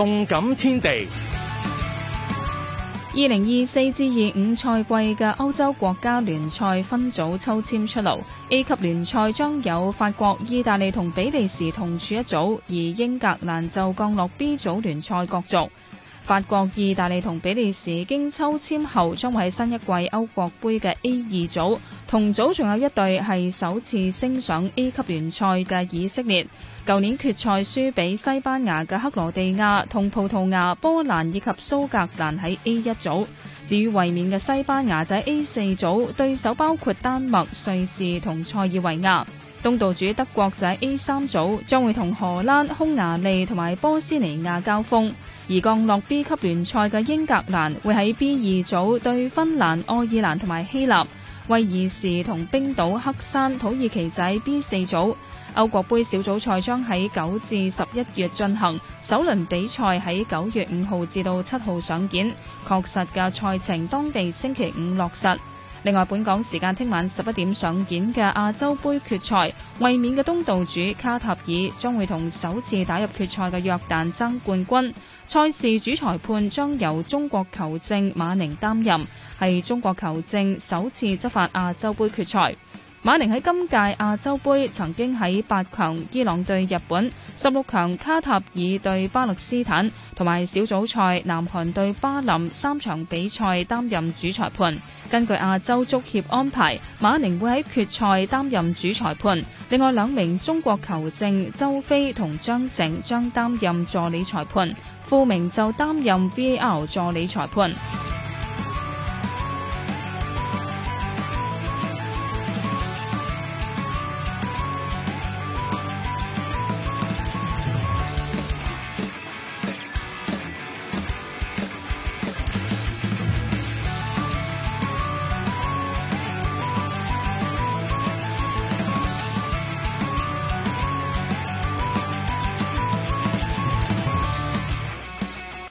動感天地。二零二四至二五賽季嘅歐洲國家聯賽分組抽籤出爐，A 級聯賽將有法國、意大利同比利時同處一組，而英格蘭就降落 B 組聯賽角逐。法國、意大利同比利時經抽籤後，將會喺新一季歐國盃嘅 A 二組。同組仲有一隊係首次升上 A 級聯賽嘅以色列。舊年決賽輸俾西班牙嘅克羅地亞同葡萄牙、波蘭以及蘇格蘭喺 A 一組。至於衛冕嘅西班牙就喺 A 四組，對手包括丹麥、瑞士同塞爾維亞。東道主德國就喺 A 三組，將會同荷蘭、匈牙利同埋波斯尼亞交鋒。而降落 B 級聯賽嘅英格蘭會喺 B 二組對芬蘭、愛爾蘭同埋希臘。威爾士同冰島、黑山、土耳其仔 B 四組。歐國杯小組賽將喺九至十一月進行，首輪比賽喺九月五號至到七號上演。確實嘅賽程，當地星期五落實。另外，本港時間聽晚十一點上演嘅亞洲杯決賽，衛冕嘅東道主卡塔爾將會同首次打入決賽嘅約旦爭冠軍。賽事主裁判將由中國球證馬寧擔任，係中國球證首次執法亞洲杯決賽。馬寧喺今屆亞洲杯曾經喺八強伊朗對日本、十六強卡塔爾對巴勒斯坦同埋小組賽南韓對巴林三場比賽擔任主裁判。根據亞洲足協安排，馬寧會喺決賽擔任主裁判。另外兩名中國球證周飛同張成將擔任助理裁判，傅明就擔任 VAR 助理裁判。